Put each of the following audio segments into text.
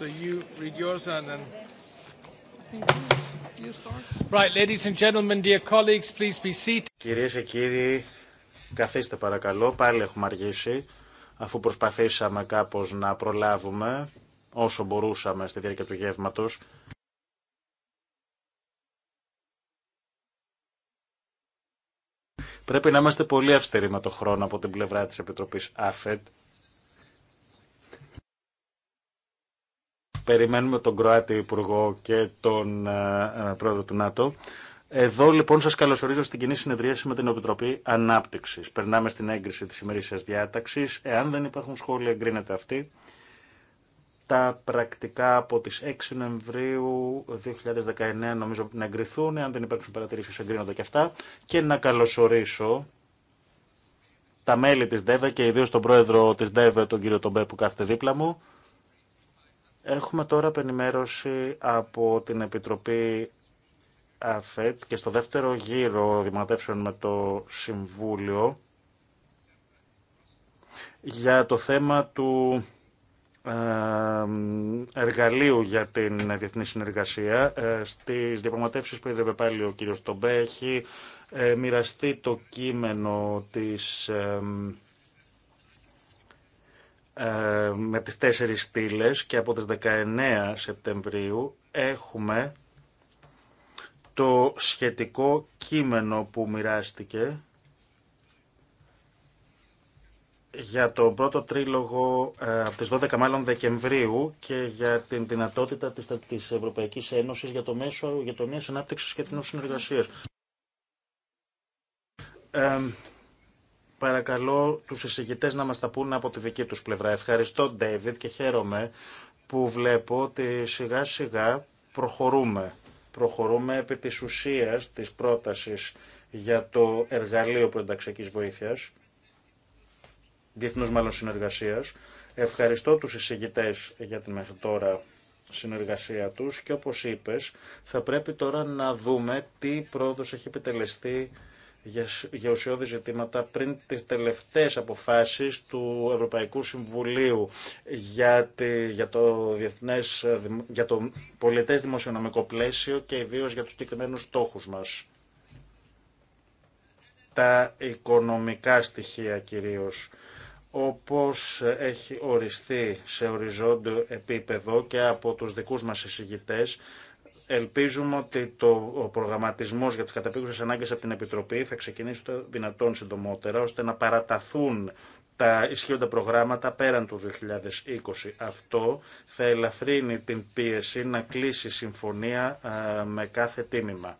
So you read yours and then. Right, ladies and gentlemen, dear colleagues, please be seated. Κυρίες και κύριοι, καθίστε παρακαλώ. Πάλι έχουμε αργήσει, αφού προσπαθήσαμε κάπως να προλάβουμε όσο μπορούσαμε στη διάρκεια του γεύματος. Πρέπει να είμαστε πολύ αυστηροί με το χρόνο από την πλευρά της Επιτροπής ΑΦΕΤ. περιμένουμε τον Κροάτι Υπουργό και τον ε, ε, Πρόεδρο του ΝΑΤΟ. Εδώ λοιπόν σας καλωσορίζω στην κοινή συνεδρίαση με την Επιτροπή Ανάπτυξης. Περνάμε στην έγκριση της ημερήσιας διάταξης. Εάν δεν υπάρχουν σχόλια εγκρίνεται αυτή. Τα πρακτικά από τις 6 Νοεμβρίου 2019 νομίζω να εγκριθούν. Αν δεν υπάρξουν παρατηρήσεις εγκρίνονται και αυτά. Και να καλωσορίσω τα μέλη της ΔΕΒΕ και ιδίως τον πρόεδρο της ΔΕΒΕ, τον κύριο Τομπέ που κάθεται δίπλα μου Έχουμε τώρα επενημέρωση από την Επιτροπή ΑΦΕΤ και στο δεύτερο γύρο δημοτεύσεων με το Συμβούλιο για το θέμα του ε, εργαλείου για την διεθνή συνεργασία. Ε, στις διαπραγματεύσεις που είδε πάλι ο κύριος Τομπέ έχει ε, μοιραστεί το κείμενο της ε, με τις τέσσερις στήλε και από τις 19 Σεπτεμβρίου έχουμε το σχετικό κείμενο που μοιράστηκε για τον πρώτο τρίλογο ε, από τις 12 μάλλον Δεκεμβρίου και για την δυνατότητα της, της Ευρωπαϊκής Ένωσης για το μέσο για νέο ανάπτυξης και νέο συνεργασίας. Ε, Παρακαλώ τους εισηγητές να μας τα πούνε από τη δική τους πλευρά. Ευχαριστώ, Ντέιβιτ, και χαίρομαι που βλέπω ότι σιγά-σιγά προχωρούμε. Προχωρούμε επί της ουσίας της πρότασης για το εργαλείο προενταξιακής βοήθειας, διεθνούς μάλλον συνεργασίας. Ευχαριστώ τους εισηγητές για την μέχρι τώρα συνεργασία τους και όπως είπες θα πρέπει τώρα να δούμε τι πρόοδος έχει επιτελεστεί για ουσιώδη ζητήματα πριν τις τελευταίες αποφάσεις του Ευρωπαϊκού Συμβουλίου για, για, το, διεθνές, ε, για το πολιτές δημοσιονομικό πλαίσιο και ιδίω για τους συγκεκριμένους στόχους μας. Τα οικονομικά στοιχεία κυρίως όπως έχει οριστεί σε οριζόντιο επίπεδο και από τους δικούς μας εισηγητές Ελπίζουμε ότι το, ο προγραμματισμός για τις καταπήκουσε ανάγκες από την Επιτροπή θα ξεκινήσει το δυνατόν συντομότερα, ώστε να παραταθούν τα ισχύοντα προγράμματα πέραν του 2020. Αυτό θα ελαφρύνει την πίεση να κλείσει συμφωνία ε, με κάθε τίμημα.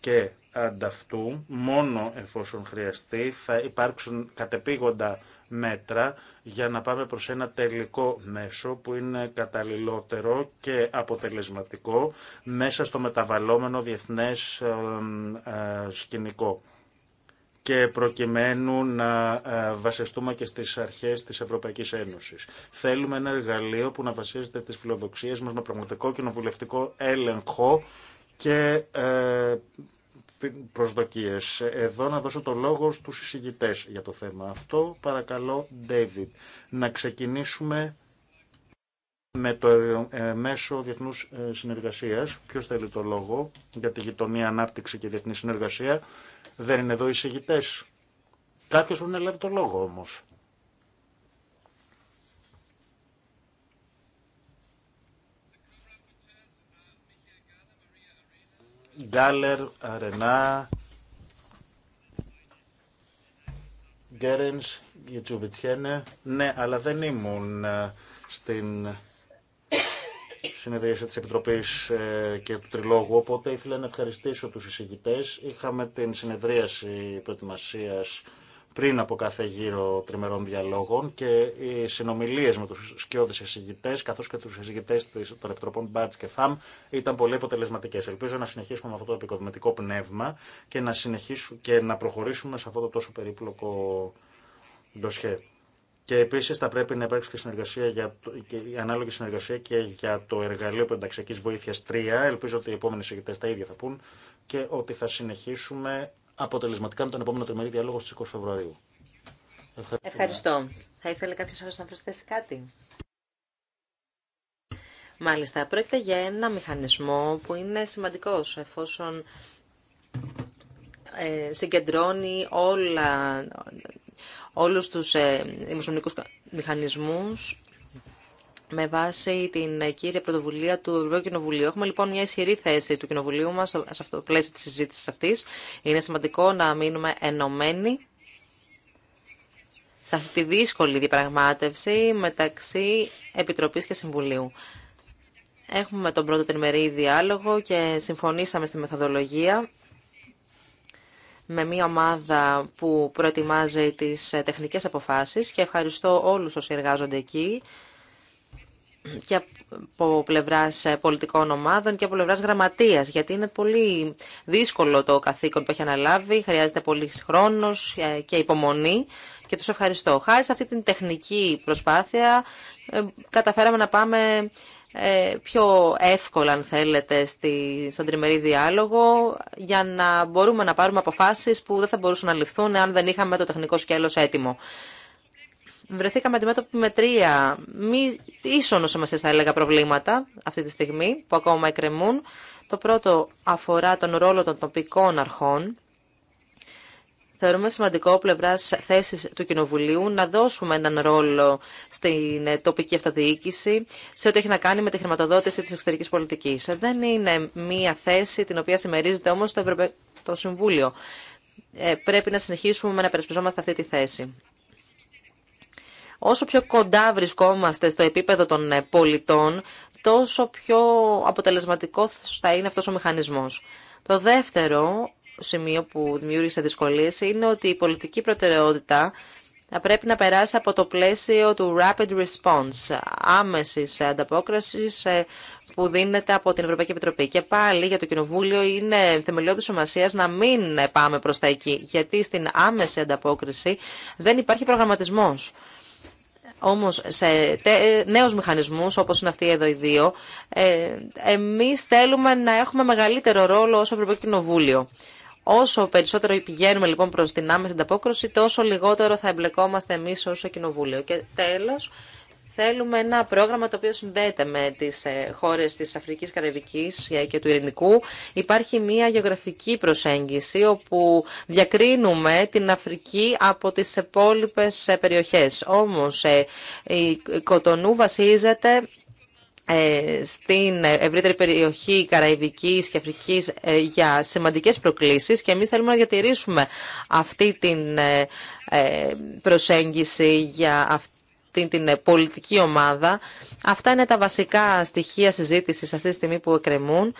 Και ανταυτού, μόνο εφόσον χρειαστεί, θα υπάρξουν κατεπήγοντα μέτρα για να πάμε προς ένα τελικό μέσο που είναι καταλληλότερο και αποτελεσματικό μέσα στο μεταβαλλόμενο διεθνές ε, σκηνικό και προκειμένου να ε, βασιστούμε και στις αρχές της Ευρωπαϊκής Ένωσης. Θέλουμε ένα εργαλείο που να βασίζεται στις φιλοδοξίες μας με πραγματικό κοινοβουλευτικό έλεγχο και ε, προσδοκίες. Εδώ να δώσω το λόγο στους εισηγητές για το θέμα αυτό. Παρακαλώ, David, να ξεκινήσουμε με το ε, μέσο διεθνούς ε, συνεργασίας. Ποιος θέλει το λόγο για τη γειτονία, ανάπτυξη και διεθνή συνεργασία. Δεν είναι εδώ οι εισηγητές. Κάποιος πρέπει να λάβει το λόγο όμως. Γκάλερ, Αρενά, Γκέρενς, Γιετσουβιτσιένε. Ναι, αλλά δεν ήμουν ε, στην συνεδρίαση της Επιτροπής ε, και του Τριλόγου, οπότε ήθελα να ευχαριστήσω τους εισηγητές. Είχαμε την συνεδρίαση προετοιμασίας πριν από κάθε γύρο τριμερών διαλόγων και οι συνομιλίε με τους σκιώδεις εισηγητές καθώς και τους εισηγητές των Επιτροπών Μπάτ και Θάμ, ήταν πολύ αποτελεσματικές. Ελπίζω να συνεχίσουμε με αυτό το επικοδομητικό πνεύμα και να, συνεχίσουμε και να προχωρήσουμε σε αυτό το τόσο περίπλοκο ντοσχέ. Και επίση θα πρέπει να υπάρξει και, συνεργασία για το, και η ανάλογη συνεργασία και για το εργαλείο πενταξιακή βοήθεια 3. Ελπίζω ότι οι επόμενοι εισηγητέ τα ίδια θα πούν και ότι θα συνεχίσουμε αποτελεσματικά με τον επόμενο τριμερή διάλογο στις 20 Φεβρουαρίου. Ευχαριστώ. Ευχαριστώ. Θα ήθελε κάποιο άλλο να προσθέσει κάτι. Μάλιστα, πρόκειται για ένα μηχανισμό που είναι σημαντικός εφόσον ε, συγκεντρώνει όλα, όλους τους ε, μηχανισμούς με βάση την κύρια πρωτοβουλία του Ευρωπαϊκού Κοινοβουλίου. Έχουμε λοιπόν μια ισχυρή θέση του Κοινοβουλίου μας σε αυτό το πλαίσιο της συζήτησης αυτής. Είναι σημαντικό να μείνουμε ενωμένοι σε αυτή τη δύσκολη διαπραγμάτευση μεταξύ Επιτροπής και Συμβουλίου. Έχουμε τον πρώτο τριμερή διάλογο και συμφωνήσαμε στη μεθοδολογία με μια ομάδα που προετοιμάζει τις τεχνικές αποφάσεις και ευχαριστώ όλους όσοι εργάζονται εκεί και από πλευρά ε, πολιτικών ομάδων και από πλευρά γραμματεία, γιατί είναι πολύ δύσκολο το καθήκον που έχει αναλάβει, χρειάζεται πολύ χρόνο ε, και υπομονή και του ευχαριστώ. Χάρη σε αυτή την τεχνική προσπάθεια, ε, καταφέραμε να πάμε πιο εύκολα, αν θέλετε, στον τριμερή διάλογο για να μπορούμε να πάρουμε αποφάσει που δεν θα μπορούσαν να ληφθούν αν δεν είχαμε το τεχνικό σκέλο έτοιμο βρεθήκαμε αντιμέτωποι με τρία μη ίσονο σημασία, θα έλεγα, προβλήματα αυτή τη στιγμή που ακόμα εκκρεμούν. Το πρώτο αφορά τον ρόλο των τοπικών αρχών. Θεωρούμε σημαντικό πλευρά θέση του Κοινοβουλίου να δώσουμε έναν ρόλο στην τοπική αυτοδιοίκηση σε ό,τι έχει να κάνει με τη χρηματοδότηση τη εξωτερική πολιτική. Δεν είναι μία θέση την οποία συμμερίζεται όμω το, Ευρωπαϊκό Συμβούλιο. Ε, πρέπει να συνεχίσουμε να περασπιζόμαστε αυτή τη θέση. Όσο πιο κοντά βρισκόμαστε στο επίπεδο των ε, πολιτών, τόσο πιο αποτελεσματικό θα είναι αυτός ο μηχανισμός. Το δεύτερο σημείο που δημιούργησε δυσκολίες είναι ότι η πολιτική προτεραιότητα θα πρέπει να περάσει από το πλαίσιο του rapid response, άμεσης ανταπόκρισης ε, που δίνεται από την Ευρωπαϊκή Επιτροπή. Και πάλι για το Κοινοβούλιο είναι θεμελιώδης σημασία να μην πάμε προς τα εκεί, γιατί στην άμεση ανταπόκριση δεν υπάρχει προγραμματισμός. Όμως σε νέους μηχανισμούς όπως είναι αυτοί εδώ οι δύο, ε, εμείς θέλουμε να έχουμε μεγαλύτερο ρόλο ως Ευρωπαϊκό Κοινοβούλιο. Όσο περισσότερο πηγαίνουμε λοιπόν προς την άμεση ανταπόκριση, τόσο λιγότερο θα εμπλεκόμαστε εμείς ως Κοινοβούλιο. Και τέλος, θέλουμε ένα πρόγραμμα το οποίο συνδέεται με τις ε, χώρες της Αφρικής, Καραϊβικής ε, και του Ειρηνικού. Υπάρχει μια γεωγραφική προσέγγιση όπου διακρίνουμε την Αφρική από τις υπόλοιπε ε, περιοχές. Όμως η Κοτονού βασίζεται στην ευρύτερη περιοχή Καραϊβικής και Αφρικής για σημαντικές προκλήσεις και εμείς θέλουμε να διατηρήσουμε αυτή την προσέγγιση για αυτή την ε, πολιτική ομάδα. Αυτά είναι τα βασικά στοιχεία συζήτηση αυτή τη στιγμή που εκκρεμούν.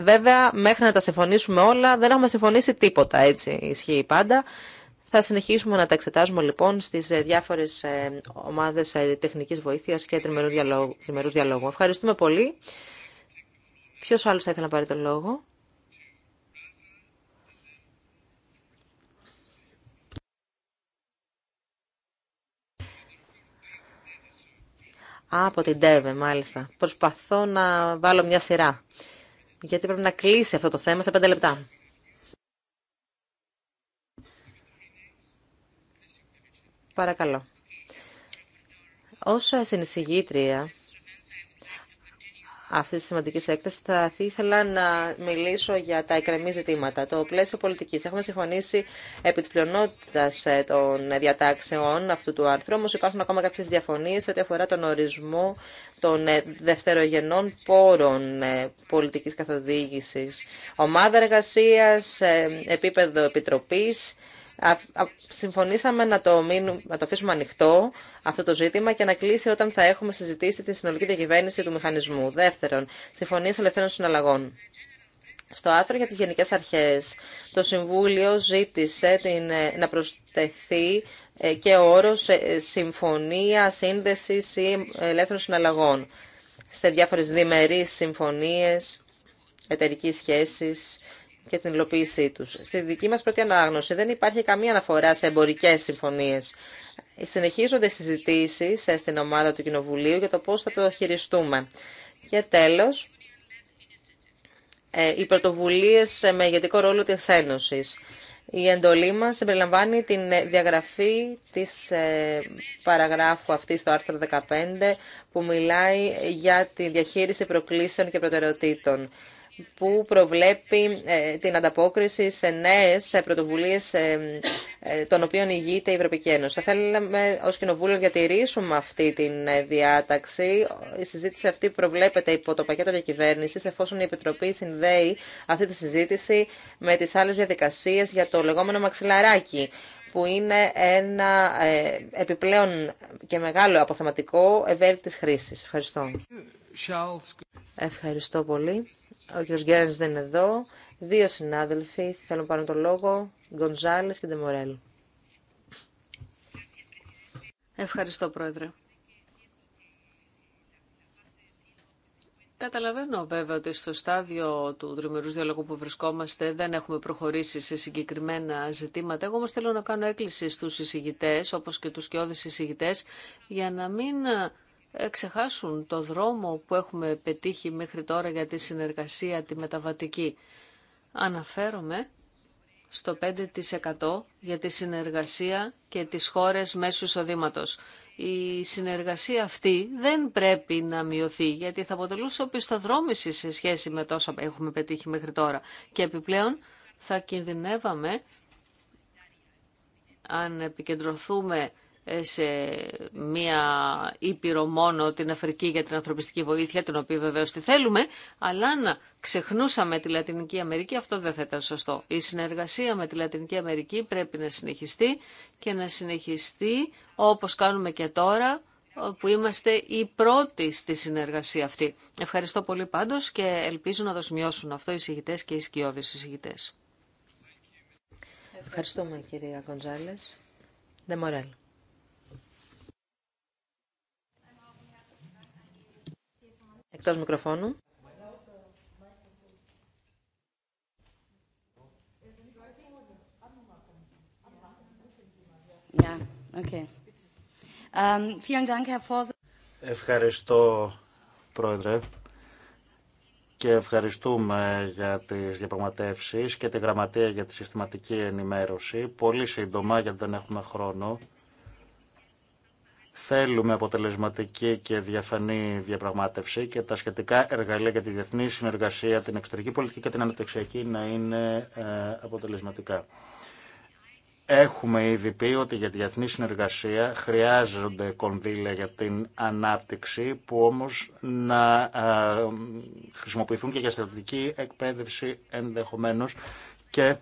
Βέβαια, μέχρι να τα συμφωνήσουμε όλα, δεν έχουμε συμφωνήσει τίποτα, έτσι ισχύει πάντα. Θα συνεχίσουμε να τα εξετάζουμε λοιπόν στις ε, διάφορες ε, ομάδες τεχνικής βοήθειας και τριμερού διαλόγου. Ευχαριστούμε πολύ. Ποιος άλλος θα ήθελε να πάρει τον λόγο. Από την ΤΕΒΕ, μάλιστα. Προσπαθώ να βάλω μια σειρά. Γιατί πρέπει να κλείσει αυτό το θέμα σε πέντε λεπτά. Παρακαλώ. Όσο ασυνησυγήτρια αυτή τη σημαντική έκθεση, θα ήθελα να μιλήσω για τα εκκρεμή ζητήματα. Το πλαίσιο πολιτική. Έχουμε συμφωνήσει επί τη πλειονότητα ε, των διατάξεων αυτού του άρθρου, όμω υπάρχουν ακόμα κάποιε διαφωνίε ό,τι αφορά τον ορισμό των ε, δευτερογενών πόρων ε, πολιτική καθοδήγηση. Ομάδα εργασία, επίπεδο επιτροπή Συμφωνήσαμε να το, να το αφήσουμε ανοιχτό αυτό το ζήτημα και να κλείσει όταν θα έχουμε συζητήσει τη συνολική διακυβέρνηση του μηχανισμού. Δεύτερον, συμφωνίε ελευθέρων συναλλαγών. Στο άρθρο για τις Γενικές Αρχές, το Συμβούλιο ζήτησε την, ε, να προσθεθεί ε, και ο όρος ε, συμφωνία, σύνδεσης ή ελεύθερων συναλλαγών σε διάφορες διμερείς συμφωνίες, εταιρικής σχέσης και την υλοποίησή τους. Στη δική μας πρώτη ανάγνωση δεν υπάρχει καμία αναφορά σε εμπορικές συμφωνίες. Συνεχίζονται συζητήσεις στην ομάδα του Κοινοβουλίου για το πώς θα το χειριστούμε. Και τέλος, ε, οι πρωτοβουλίες με ηγετικό ρόλο της Ένωσης. Η εντολή μας συμπεριλαμβάνει την διαγραφή της ε, παραγράφου αυτή στο άρθρο 15 που μιλάει για τη διαχείριση προκλήσεων και προτεραιοτήτων που προβλέπει ε, την ανταπόκριση σε νέες πρωτοβουλίες ε, των οποίων ηγείται η Ευρωπαϊκή Ένωση. Θα θέλαμε ως Κοινοβούλιο να διατηρήσουμε αυτή τη ε, διάταξη. Η συζήτηση αυτή προβλέπεται υπό το πακέτο διακυβέρνησης εφόσον η Επιτροπή συνδέει αυτή τη συζήτηση με τις άλλες διαδικασίες για το λεγόμενο μαξιλαράκι που είναι ένα επιπλέον και μεγάλο αποθεματικό ευέλικτης χρήσης. Ευχαριστώ. Ευχαριστώ πολύ. Ο κ. Γκέρνς δεν είναι εδώ. Δύο συνάδελφοι θέλουν να πάρουν το λόγο. Γκονζάλε και Ντεμορέλ. Ευχαριστώ, Πρόεδρε. Καταλαβαίνω βέβαια ότι στο στάδιο του τριμερούς διαλόγου που βρισκόμαστε δεν έχουμε προχωρήσει σε συγκεκριμένα ζητήματα. Εγώ όμως θέλω να κάνω έκκληση στους εισηγητές, όπως και τους κοιόδης εισηγητές, για να μην ε, ξεχάσουν το δρόμο που έχουμε πετύχει μέχρι τώρα για τη συνεργασία τη μεταβατική. Αναφέρομαι στο 5% για τη συνεργασία και τις χώρες μέσου εισοδήματο. Η συνεργασία αυτή δεν πρέπει να μειωθεί γιατί θα αποτελούσε οπισθοδρόμηση σε σχέση με τόσα έχουμε πετύχει μέχρι τώρα. Και επιπλέον θα κινδυνεύαμε αν επικεντρωθούμε ε, σε μία ήπειρο μόνο την Αφρική για την ανθρωπιστική βοήθεια, την οποία βεβαίως τη θέλουμε, αλλά να ξεχνούσαμε τη Λατινική Αμερική, αυτό δεν θα ήταν σωστό. Η συνεργασία με τη Λατινική Αμερική πρέπει να συνεχιστεί και να συνεχιστεί όπως κάνουμε και τώρα, που είμαστε οι πρώτοι στη συνεργασία αυτή. Ευχαριστώ πολύ πάντως και ελπίζω να το αυτό οι συγητές και οι σκιώδεις συγητές. Ευχαριστούμε κυρία Κοντζάλες. Μορέλ. Εκτός μικροφώνου. Um, Ευχαριστώ, Πρόεδρε. Και ευχαριστούμε για τις διαπραγματεύσεις και τη Γραμματεία για τη συστηματική ενημέρωση. Πολύ σύντομα, γιατί δεν έχουμε χρόνο. Θέλουμε αποτελεσματική και διαφανή διαπραγμάτευση και τα σχετικά εργαλεία για τη διεθνή συνεργασία, την εξωτερική πολιτική και την αναπτυξιακή να είναι ε, αποτελεσματικά. Έχουμε ήδη πει ότι για τη διεθνή συνεργασία χρειάζονται κονδύλια για την ανάπτυξη που όμως να ε, χρησιμοποιηθούν και για στρατιωτική εκπαίδευση ενδεχομένως και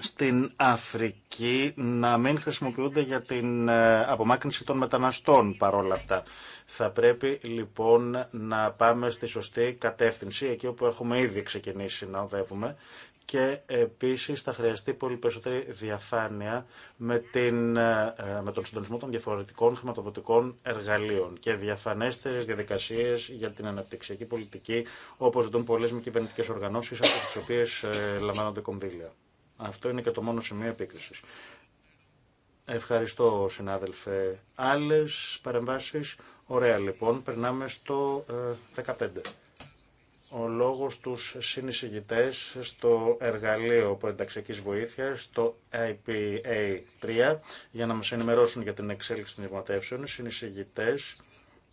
στην Αφρική να μην χρησιμοποιούνται για την ε, απομάκρυνση των μεταναστών παρόλα αυτά. Θα πρέπει λοιπόν να πάμε στη σωστή κατεύθυνση, εκεί όπου έχουμε ήδη ξεκινήσει να οδεύουμε και επίσης θα χρειαστεί πολύ περισσότερη διαφάνεια με, την, ε, ε, με τον συντονισμό των διαφορετικών χρηματοδοτικών εργαλείων και διαφανέστερες διαδικασίες για την αναπτυξιακή πολιτική όπως ζητούν πολλές μη κυβερνητικές οργανώσεις από τις οποίες λαμβάνονται κονδύλια. Αυτό είναι και το μόνο σημείο επίκριση. Ευχαριστώ, συνάδελφε. άλλε παρεμβάσεις. Ωραία, λοιπόν. Περνάμε στο 15 ε, ο λόγος τους συνεισηγητές στο εργαλείο προενταξιακής βοήθειας, το IPA3, για να μας ενημερώσουν για την εξέλιξη των δημοτεύσεων. Συνεισηγητές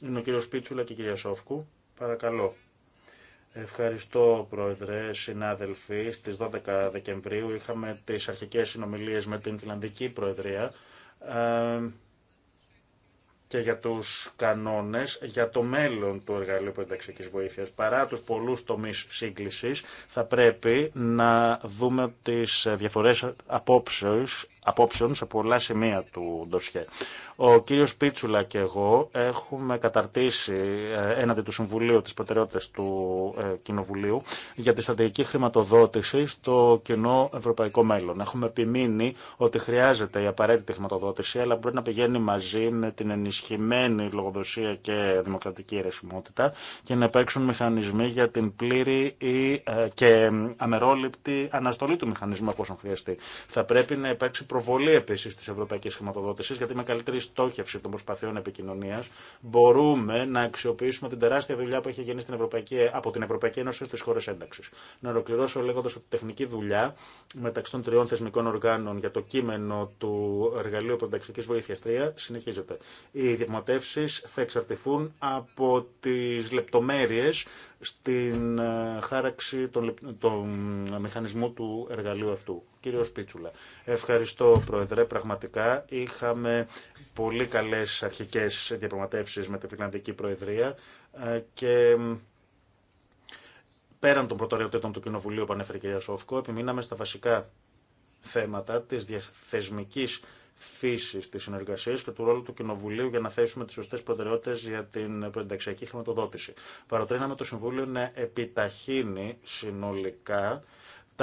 είναι ο κύριο Πίτσουλα και η κυρία Σόφκου. Παρακαλώ. Ευχαριστώ, Πρόεδρε, συνάδελφοι. Στις 12 Δεκεμβρίου είχαμε τις αρχικές συνομιλίες με την Φιλανδική Προεδρία ε, και για τους κανόνες για το μέλλον του εργαλείου πενταξιακής βοήθειας. Παρά τους πολλούς τομείς σύγκλησης θα πρέπει να δούμε τις ε, διαφορές απόψεως απόψεων σε πολλά σημεία του ντοσιέ. Ο κύριος Πίτσουλα και εγώ έχουμε καταρτήσει ε, έναντι του Συμβουλίου της Προτεραιότητας του ε, Κοινοβουλίου για τη στρατηγική χρηματοδότηση στο κοινό ευρωπαϊκό μέλλον. Έχουμε επιμείνει ότι χρειάζεται η απαραίτητη χρηματοδότηση, αλλά μπορεί να πηγαίνει μαζί με την ενισχυμένη λογοδοσία και δημοκρατική ρεσιμότητα και να υπάρξουν μηχανισμοί για την πλήρη ή ε, και αμερόληπτη αναστολή του μηχανισμού εφόσον χρειαστεί. Θα πρέπει να υπάρξει προβολή επίση τη ευρωπαϊκή χρηματοδότηση, γιατί με καλύτερη στόχευση των προσπαθειών επικοινωνία μπορούμε να αξιοποιήσουμε την τεράστια δουλειά που έχει γίνει ευρωπαϊκή, από την Ευρωπαϊκή Ένωση στι χώρε ένταξη. Να ολοκληρώσω λέγοντα ότι τεχνική δουλειά μεταξύ των τριών θεσμικών οργάνων για το κείμενο του Εργαλείου προταξική Βοήθεια 3 συνεχίζεται. Οι διαπραγματεύσει θα εξαρτηθούν από τι λεπτομέρειε στην ε, χάραξη των, των μηχανισμού του εργαλείου αυτού. Κύριο Σπίτσουλα, Ευχαριστώ, Πρόεδρε. Πραγματικά είχαμε πολύ καλέ αρχικέ διαπραγματεύσει με τη Φιλανδική Προεδρία ε, και πέραν των προτεραιοτήτων του Κοινοβουλίου που ανέφερε η κυρία Σόφκο, επιμείναμε στα βασικά θέματα τη διαθέσμική φύση τη συνεργασία και του ρόλου του Κοινοβουλίου για να θέσουμε τι σωστέ προτεραιότητε για την προενταξιακή χρηματοδότηση. Παροτρύναμε το Συμβούλιο να επιταχύνει συνολικά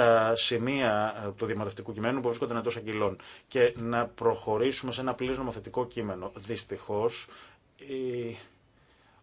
τα σημεία ε, του διαμαρτυρικού κειμένου που βρίσκονται εντό αγγελών. και να προχωρήσουμε σε ένα πλήρω νομοθετικό κείμενο. Δυστυχώ, η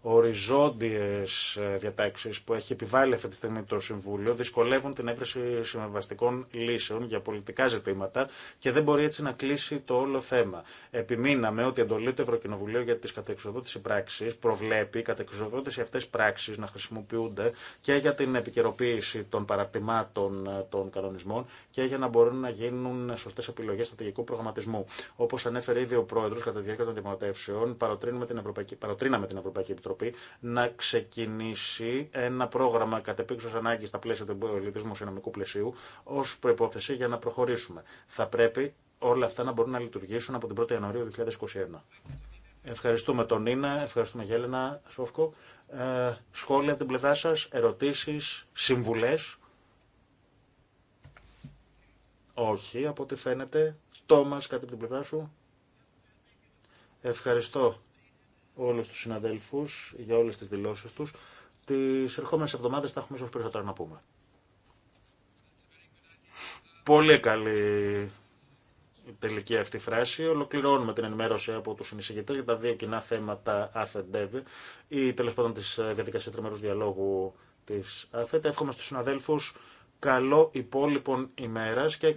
οριζόντιες ε, διατάξεις που έχει επιβάλει αυτή τη στιγμή το Συμβούλιο δυσκολεύουν την έβρεση συμβαστικών λύσεων για πολιτικά ζητήματα και δεν μπορεί έτσι να κλείσει το όλο θέμα. Επιμείναμε ότι η εντολή του Ευρωκοινοβουλίου για τις κατεξοδότηση πράξεις προβλέπει οι κατεξοδότηση αυτές πράξεις να χρησιμοποιούνται και για την επικαιροποίηση των παρατημάτων ε, των κανονισμών και για να μπορούν να γίνουν σωστές επιλογές στρατηγικού προγραμματισμού. Όπως ανέφερε ήδη ο Πρόεδρος κατά τη διάρκεια των Ευρωπαϊκή, παροτρύναμε την Ευρωπαϊκή Επιτροπή να ξεκινήσει ένα πρόγραμμα κατ' επίξω ανάγκη στα πλαίσια του πολιτισμού συνομικού πλαισίου ω προπόθεση για να προχωρήσουμε. Θα πρέπει όλα αυτά να μπορούν να λειτουργήσουν από την 1η Ιανουαρίου 2021. Ευχαριστούμε τον Νίνα, ευχαριστούμε Γέλενα Σόφκο. Ε, σχόλια από την πλευρά σας, ερωτήσεις, συμβουλές. Όχι, από ό,τι φαίνεται. Τόμας, κάτι από την πλευρά σου. Ευχαριστώ, όλους τους συναδέλφους για όλες τις δηλώσεις τους. Τις ερχόμενες εβδομάδες θα έχουμε ίσως περισσότερα να πούμε. Πολύ καλή τελική αυτή φράση. Ολοκληρώνουμε την ενημέρωση από του συνεισηγητέ για τα δύο κοινά θέματα ΑΡΦΕΤ-ΔΕΒ ή τέλο πάντων τη διαδικασία τριμερού διαλόγου τη ΑΦΕΤ. Εύχομαι στου συναδέλφου καλό υπόλοιπον ημέρα και